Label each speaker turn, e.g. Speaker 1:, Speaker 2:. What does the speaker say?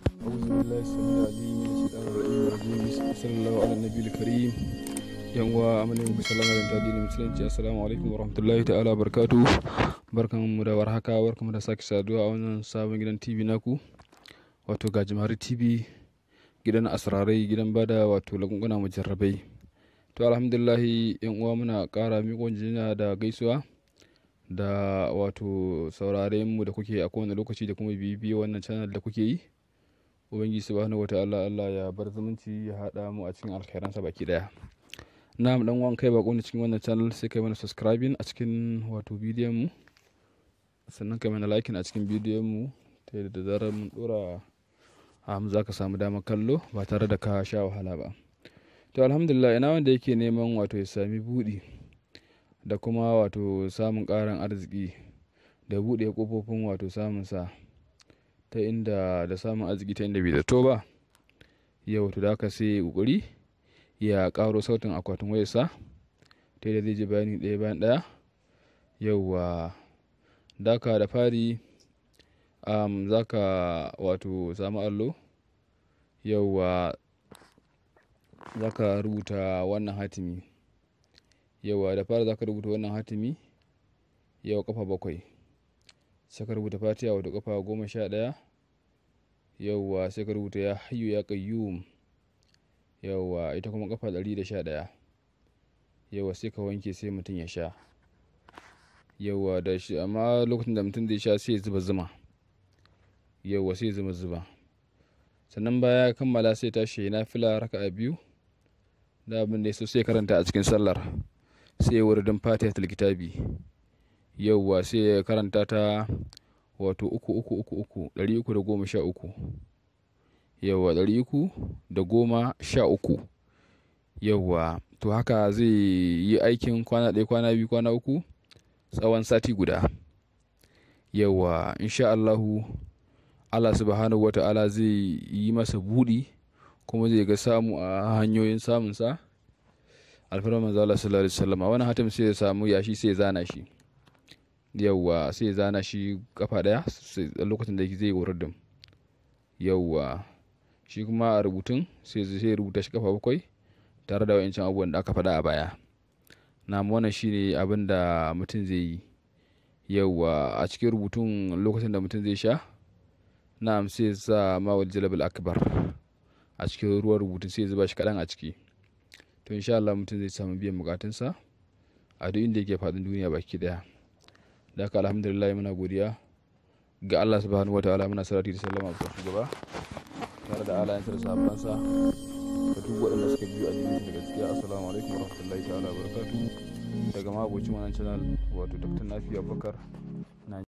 Speaker 1: أعوذ بالله السميع العليم من الشيطان الرجيم الرجيم صلى الله على النبي الكريم musulunci assalamu alaikum warahmatullahi ta'ala barkatu barkan mu da warhaka barkan mu da sake saduwa a wannan sabon gidan tv naku wato ga tv gidan asrarai gidan bada wato lagunguna mujarrabai to alhamdulillah yan uwa muna kara miƙon jina da gaisuwa da wato sauraren mu da kuke a kowane lokaci da kuma bibiyo wannan channel da kuke yi ubangiji subhanahu wataala Allah ya bar zumunci ya hada mu a cikin alkhairansa baki daya na mu dan wan kai bako ne cikin wannan channel sai kai mana subscribing a cikin wato bidiyon mu sannan kai mana liking a cikin bidiyon mu ta yadda da zarar mun dora a ah, mu zaka samu dama kallo ba tare da ka sha wahala ba to alhamdulillah ina wanda yake neman wato ya sami buɗi da kuma wato samun ƙarin arziki da buɗe kofofin wato samun sa ta inda da samun arziki ta inda bai zato ba yau to da sai kokari ya karo sautin akwatin wayarsa ta yadda zai ji bayani ɗaya bayan ɗaya yauwa daka da fari um, za ka wato samu allo yauwa za ka rubuta wannan hatimi yauwa da fari za ka rubuta wannan hatimi yau kafa bakwai sai ka rubuta fatiha wato kafa goma sha ɗaya yauwa sai ka rubuta ya hayyu ya kayyum yauwa ita kuma kafa ɗari da sha ɗaya yauwa sai ka wanke sai mutum ya sha yauwa da shi amma lokacin da mutum zai sha sai zuba zuma yauwa sai zuma zuba zuba sannan baya kammala sai tashi na fila a biyu da abin da ya so sai karanta a cikin sallar sai wuridin fatihatul kitabi yauwa sai ya karanta ta wato uku uku uku uku ɗari uku da goma sha uku yauwa ɗari uku da goma sha uku yauwa to haka zai yi aikin kwana ɗaya kwana biyu kwana uku tsawon sati guda yauwa insha Allahu Allah subhanahu wata'ala zai yi masa buɗi kuma zai ga samu a hanyoyin samunsa alfarmar zala sallallahu alaihi wasallam a wani hatim sai ya samu yashi sai ya zana shi yauwa sai ya zana shi kafa daya lokacin da zai horar da yauwa shi kuma a rubutun sai rubuta shi kafa bakwai tare da wa'ancan abubuwan da aka faɗa a baya na wannan shine abin da mutum zai yi yauwa a cikin rubutun lokacin da mutum zai sha na sai za sa mawal jalabal akbar a cikin ruwan rubutun sai zuba shi kaɗan a ciki to insha Allah mutum zai samu biyan bukatunsa a duk inda yake faɗin duniya baki daya da haka alhamdulillah muna godiya ga Allah subhanahu wa ta'ala muna salati da sallama ga shugaba tare da alayin sa da sahabbansa da duk waɗanda suka biyo a jirgin da gaskiya assalamu alaikum warahmatullahi ta'ala barakatuh daga mabocin wannan channel wato dr nafi abubakar